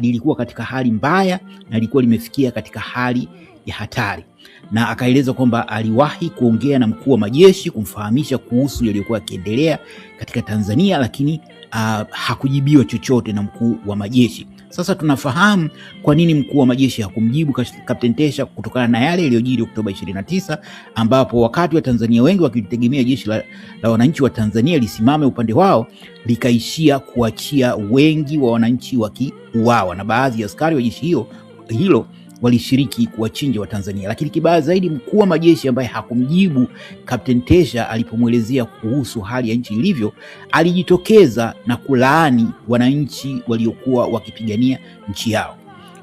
lilikuwa katika hali mbaya na lilikuwa limefikia katika hali ya hatari, na akaeleza kwamba aliwahi kuongea na mkuu wa majeshi kumfahamisha kuhusu yaliyokuwa yakiendelea katika Tanzania, lakini uh, hakujibiwa chochote na mkuu wa majeshi. Sasa tunafahamu kwa nini mkuu wa majeshi hakumjibu kapten Tesha kutokana na yale yaliyojiri Oktoba 29 ambapo wakati wa Tanzania wengi wakilitegemea jeshi la, la wananchi wa Tanzania lisimame upande wao likaishia kuachia wengi wa wananchi wakiuawa na baadhi ya askari wa jeshi hilo hilo walishiriki kuwachinja Watanzania. Lakini kibaya zaidi, mkuu wa majeshi ambaye hakumjibu Kapteni Tesha alipomwelezea kuhusu hali ya nchi ilivyo, alijitokeza na kulaani wananchi waliokuwa wakipigania nchi yao.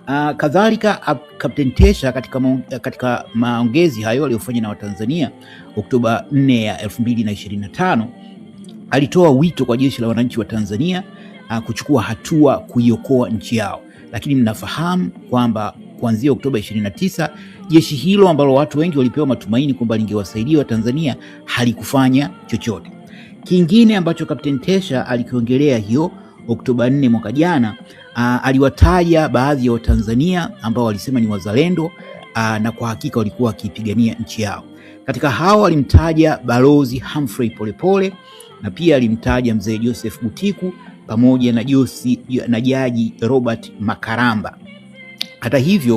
Uh, kadhalika Kapteni ah, Tesha katika, ma eh, katika maongezi hayo aliyofanya na Watanzania Oktoba 4 ya 2025 alitoa wito kwa jeshi la wananchi wa Tanzania uh, kuchukua hatua kuiokoa nchi yao, lakini mnafahamu kwamba kuanzia Oktoba 29, jeshi hilo ambalo watu wengi walipewa matumaini kwamba lingewasaidia Watanzania halikufanya chochote. Kingine ambacho Kapteni Tesha alikiongelea hiyo Oktoba 4 mwaka jana, aliwataja baadhi ya Watanzania ambao walisema ni wazalendo aa, na kwa hakika walikuwa wakipigania nchi yao. Katika hao alimtaja Balozi Humphrey Polepole na pia alimtaja mzee Joseph Butiku pamoja na Josi na Jaji Robert Makaramba. Hata hivyo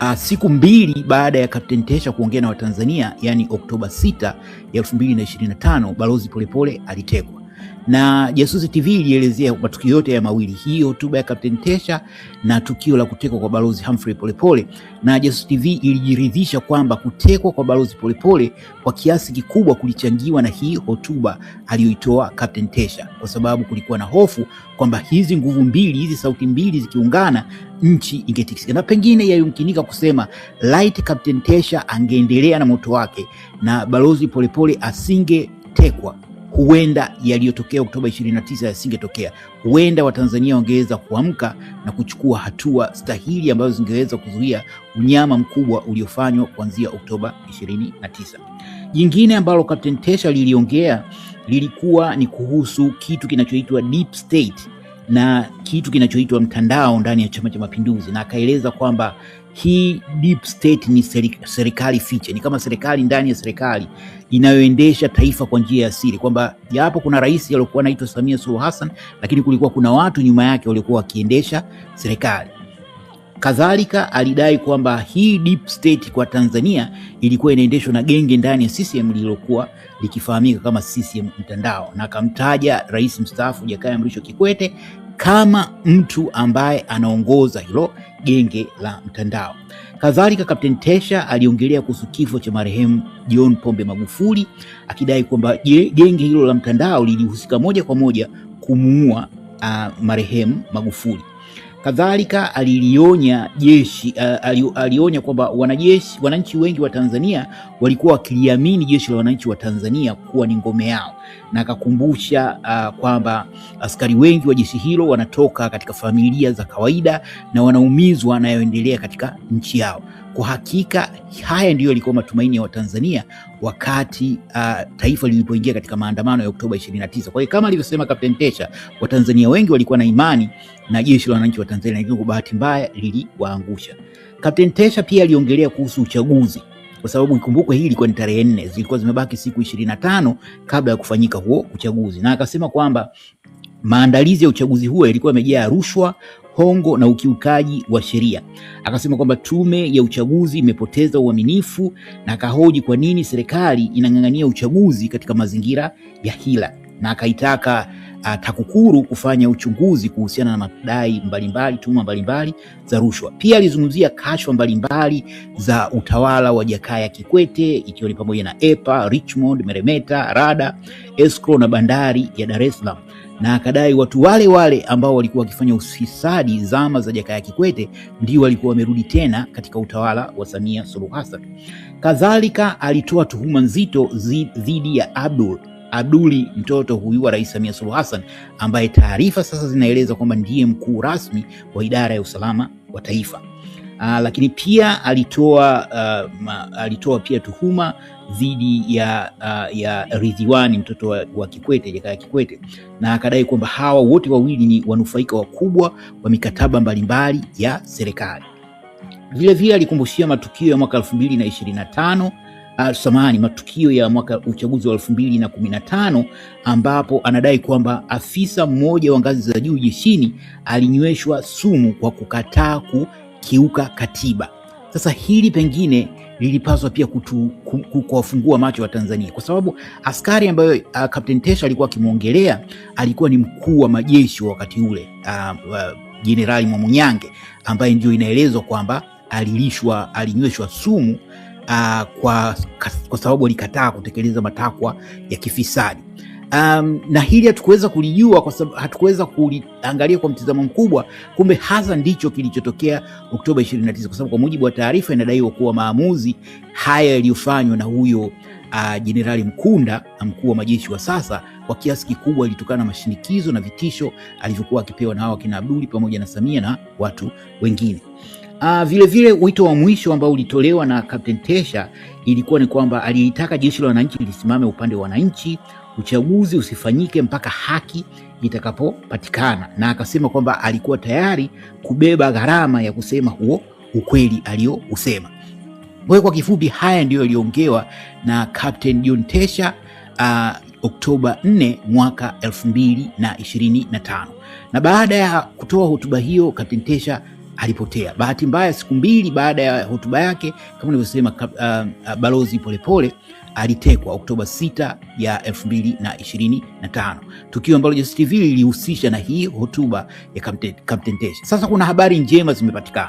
uh, siku mbili baada ya Kapteni Tesha kuongea na Watanzania, yaani Oktoba 6 ya 2025, Balozi Polepole alitekwa na Jasusi TV ilielezea matukio yote ya mawili, hii hotuba ya Kapteni Tesha na tukio la kutekwa kwa Balozi Humphrey Polepole, na Jasusi TV ilijiridhisha kwamba kutekwa kwa Balozi Polepole kwa kiasi kikubwa kulichangiwa na hii hotuba aliyoitoa Kapteni Tesha, kwa sababu kulikuwa na hofu kwamba hizi nguvu mbili, hizi sauti mbili zikiungana, nchi ingetikisika, na pengine yayumkinika kusema light Kapteni Tesha angeendelea na moto wake na Balozi Polepole asingetekwa huenda yaliyotokea Oktoba 29 yasingetokea. Huenda Watanzania wangeweza kuamka na kuchukua hatua stahili ambazo zingeweza kuzuia unyama mkubwa uliofanywa kuanzia Oktoba 29. Jingine ambalo Captain Tesha liliongea lilikuwa ni kuhusu kitu kinachoitwa deep state na kitu kinachoitwa mtandao ndani ya Chama cha Mapinduzi, na akaeleza kwamba hii deep state ni serikali fiche, ni kama serikali ndani ya serikali inayoendesha taifa kwa njia ya siri, kwamba japo kuna rais aliokuwa anaitwa Samia Suluhu Hassan, lakini kulikuwa kuna watu nyuma yake waliokuwa wakiendesha serikali. Kadhalika alidai kwamba hii deep state kwa Tanzania ilikuwa inaendeshwa na genge ndani ya CCM lililokuwa likifahamika kama CCM Mtandao, na akamtaja rais mstaafu Jakaya Mrisho Kikwete kama mtu ambaye anaongoza hilo genge la mtandao. Kadhalika, Kapteni Tesha aliongelea kuhusu kifo cha marehemu John Pombe Magufuli akidai kwamba genge hilo la mtandao lilihusika moja kwa moja kumuua uh, marehemu Magufuli. Kadhalika alilionya jeshi uh, alionya kwamba wanajeshi wananchi wengi wa Tanzania walikuwa wakiliamini jeshi la wananchi wa Tanzania kuwa ni ngome yao na akakumbusha uh, kwamba askari wengi wa jeshi hilo wanatoka katika familia za kawaida na wanaumizwa yanayoendelea katika nchi yao. Kwa hakika haya ndiyo yalikuwa matumaini ya Watanzania wakati uh, taifa lilipoingia katika maandamano ya Oktoba 29. Kwa hiyo kama alivyosema Kapteni Tesha, Watanzania wengi walikuwa na imani na jeshi la wananchi wa Tanzania, lakini kwa bahati mbaya liliwaangusha. Kapteni Tesha pia aliongelea kuhusu uchaguzi kwa sababu ikumbukwe hii ilikuwa ni tarehe nne, zilikuwa zimebaki siku ishirini na tano kabla ya kufanyika huo uchaguzi, na akasema kwamba maandalizi ya uchaguzi huo yalikuwa yamejaa rushwa, hongo na ukiukaji wa sheria. Akasema kwamba tume ya uchaguzi imepoteza uaminifu na akahoji kwa nini serikali inang'ang'ania uchaguzi katika mazingira ya hila na akaitaka Ah, TAKUKURU kufanya uchunguzi kuhusiana na madai mbalimbali, tuhuma mbalimbali za rushwa. Pia alizungumzia kashfa mbalimbali za utawala wa Jakaya Kikwete ikiwa ni pamoja na EPA, Richmond, Meremeta, Rada, Escrow na bandari ya Dar es Salaam na akadai watu wale wale ambao walikuwa wakifanya ufisadi zama za Jakaya Kikwete ndio walikuwa wamerudi tena katika utawala wa Samia Suluhu Hassan. Kadhalika alitoa tuhuma nzito dhidi ya Abdul Abduli mtoto huyu wa Rais Samia Suluhu Hassan ambaye taarifa sasa zinaeleza kwamba ndiye mkuu rasmi wa idara ya usalama wa taifa. Aa, ah, lakini pia alitoa uh, ma, alitoa pia tuhuma dhidi ya, uh, ya Ridhiwani mtoto wa, wa Kikwete Jakaya Kikwete, na akadai kwamba hawa wote wawili ni wanufaika wakubwa wa mikataba mbalimbali ya serikali. Vilevile alikumbushia matukio ya mwaka elfu mbili na ishirini na tano Ah, samani matukio ya mwaka uchaguzi wa elfu mbili na kumi na tano ambapo anadai kwamba afisa mmoja wa ngazi za juu jeshini alinyweshwa sumu kwa kukataa kukiuka katiba. Sasa hili pengine lilipaswa pia kuwafungua macho wa Tanzania kwa sababu askari ambayo uh, Captain Tesha alikuwa akimwongelea alikuwa ni mkuu wa majeshi wakati ule ah, Jenerali uh, uh, Mwamunyange ambaye ndio inaelezwa kwamba alilishwa alinyweshwa sumu uh, kwa, kwa sababu walikataa kutekeleza matakwa ya kifisadi. Um, na hili hatukuweza kulijua kwa sababu hatukuweza kuliangalia kwa mtizamo mkubwa. Kumbe hasa ndicho kilichotokea Oktoba 29, kwa sababu kwa mujibu wa taarifa inadaiwa kuwa maamuzi haya yaliyofanywa na huyo ah, jenerali uh, Mkunda, mkuu wa majeshi wa sasa, kwa kiasi kikubwa ilitokana na mashinikizo na vitisho alivyokuwa akipewa na hawa kina Abduli pamoja na Samia na watu wengine. Uh, vile vile wito wa mwisho ambao ulitolewa na Captain Tesha ilikuwa ni kwamba aliitaka jeshi la wananchi lisimame upande wa wananchi, uchaguzi usifanyike mpaka haki itakapopatikana, na akasema kwamba alikuwa tayari kubeba gharama ya kusema huo ukweli aliyousema. Kwa hiyo kwa kifupi, haya ndiyo yaliongewa na Captain John Tesha uh, Oktoba 4 mwaka 2025 na na baada ya kutoa hotuba hiyo Captain Tesha alipotea. Bahati mbaya, siku mbili baada ya hotuba yake, kama nilivyosema, uh, uh, Balozi Polepole alitekwa Oktoba 6 ya 2025, tukio ambalo Just TV lilihusisha na hii hotuba ya Captain Tesh. Sasa kuna habari njema zimepatikana.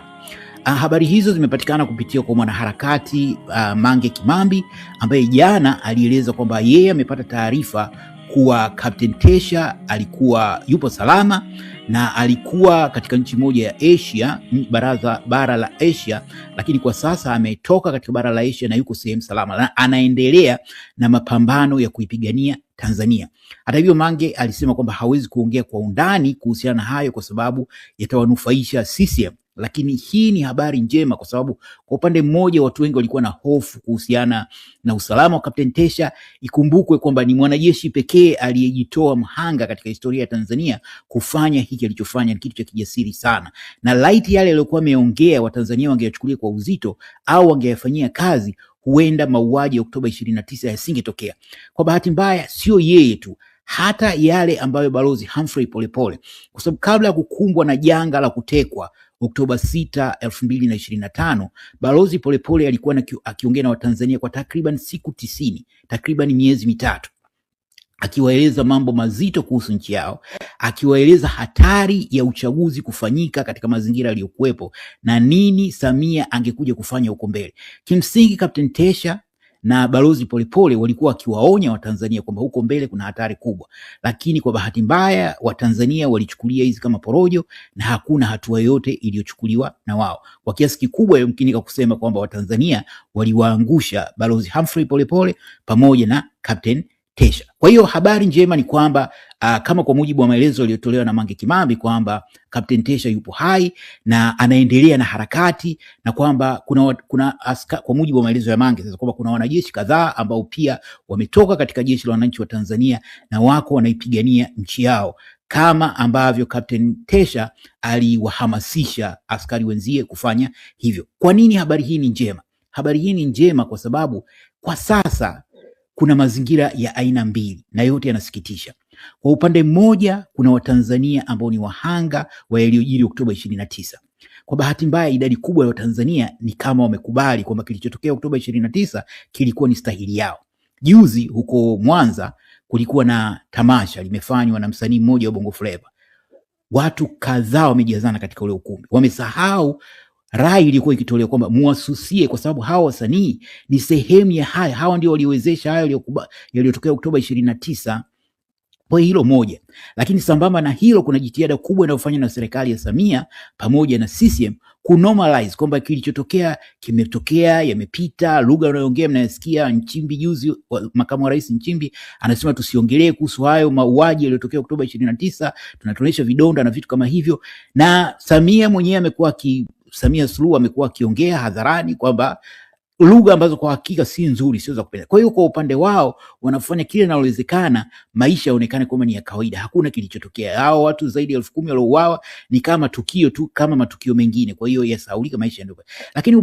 Uh, habari hizo zimepatikana kupitia kwa mwanaharakati uh, Mange Kimambi ambaye jana alieleza kwamba yeye amepata taarifa kuwa Captain Tesha alikuwa yupo salama na alikuwa katika nchi moja ya Asia, baraza bara la Asia, lakini kwa sasa ametoka katika bara la Asia na yuko sehemu salama na anaendelea na mapambano ya kuipigania Tanzania. Hata hivyo, Mange alisema kwamba hawezi kuongea kwa undani kuhusiana na hayo kwa sababu yatawanufaisha CCM. Lakini hii ni habari njema, kwa sababu kwa upande mmoja watu wengi walikuwa na hofu kuhusiana na usalama wa Kapteni Tesha. Ikumbukwe kwamba ni mwanajeshi pekee aliyejitoa mhanga katika historia ya Tanzania kufanya hiki alichofanya, ni kitu cha kijasiri sana, na laiti yale aliyokuwa ameongea Watanzania wangeyachukulia kwa uzito au wangeyafanyia kazi, huenda mauaji ya Oktoba ishirini na tisa yasingetokea. Kwa bahati mbaya, sio yeye tu hata yale ambayo Balozi Humphrey Polepole, kwa sababu kabla ya kukumbwa na janga la kutekwa Oktoba 6, 2025, Balozi Polepole alikuwa na akiongea na Watanzania kwa takriban siku tisini, takriban miezi mitatu akiwaeleza mambo mazito kuhusu nchi yao, akiwaeleza hatari ya uchaguzi kufanyika katika mazingira yaliyokuwepo na nini Samia angekuja kufanya huko mbele. Kimsingi Captain Tesha na Balozi Polepole walikuwa wakiwaonya Watanzania kwamba huko mbele kuna hatari kubwa, lakini kwa bahati mbaya Watanzania walichukulia hizi kama porojo na hakuna hatua yoyote iliyochukuliwa na wao. Kwa kiasi kikubwa, yumkinika kusema kwamba Watanzania waliwaangusha Balozi Humphrey Polepole pamoja na Captain kesha. Kwa hiyo habari njema ni kwamba uh, kama kwa mujibu wa maelezo yaliyotolewa na Mange Kimambi kwamba Captain Tesha yupo hai na anaendelea na harakati na kwamba kuna, kuna aska, kwa mujibu wa maelezo ya Mange sasa kwamba kuna wanajeshi kadhaa ambao pia wametoka katika jeshi la wananchi wa Tanzania na wako wanaipigania nchi yao kama ambavyo Captain Tesha aliwahamasisha askari wenzie kufanya hivyo. Kwa nini habari hii ni njema? Habari hii ni njema kwa sababu kwa sasa kuna mazingira ya aina mbili na yote yanasikitisha. Kwa upande mmoja, kuna Watanzania ambao ni wahanga wa yaliyojiri Oktoba ishirini na tisa. Kwa bahati mbaya, idadi kubwa ya Watanzania ni kama wamekubali kwamba kilichotokea Oktoba ishirini na tisa kilikuwa ni stahili yao. Juzi huko Mwanza kulikuwa na tamasha limefanywa na msanii mmoja wa Bongo Flava. Watu kadhaa wamejazana katika ule ukumbi, wamesahau rai ilikuwa ikitolewa kwamba muwasusie, kwa sababu hawa wasanii ni sehemu ya haya, hawa ndio waliwezesha hayo yaliyotokea Oktoba ishirini na tisa. Kwa hilo moja, lakini sambamba na hilo, kuna jitihada kubwa inayofanywa na serikali ya Samia pamoja na CCM kunormalize kwamba kilichotokea kimetokea, yamepita. Lugha unayoongea mnayasikia. Nchimbi juzi, makamu wa rais Nchimbi anasema tusiongelee kuhusu hayo mauaji yaliyotokea Oktoba ishirini na tisa, tunatuonyesha vidonda na vitu kama hivyo, na Samia mwenyewe amekuwa ki Samia Suluhu amekuwa akiongea hadharani kwamba lugha ambazo kwa hakika si nzuri, sio za kupenda. Kwa hiyo kwa upande wao wanafanya kile linalowezekana maisha yaonekane kwamba ni ya kawaida, hakuna kilichotokea. Hao watu zaidi ya elfu kumi waliouawa ni kama tukio tu, kama matukio mengine. Kwa hiyo yasahaulika, maisha ndio. Lakini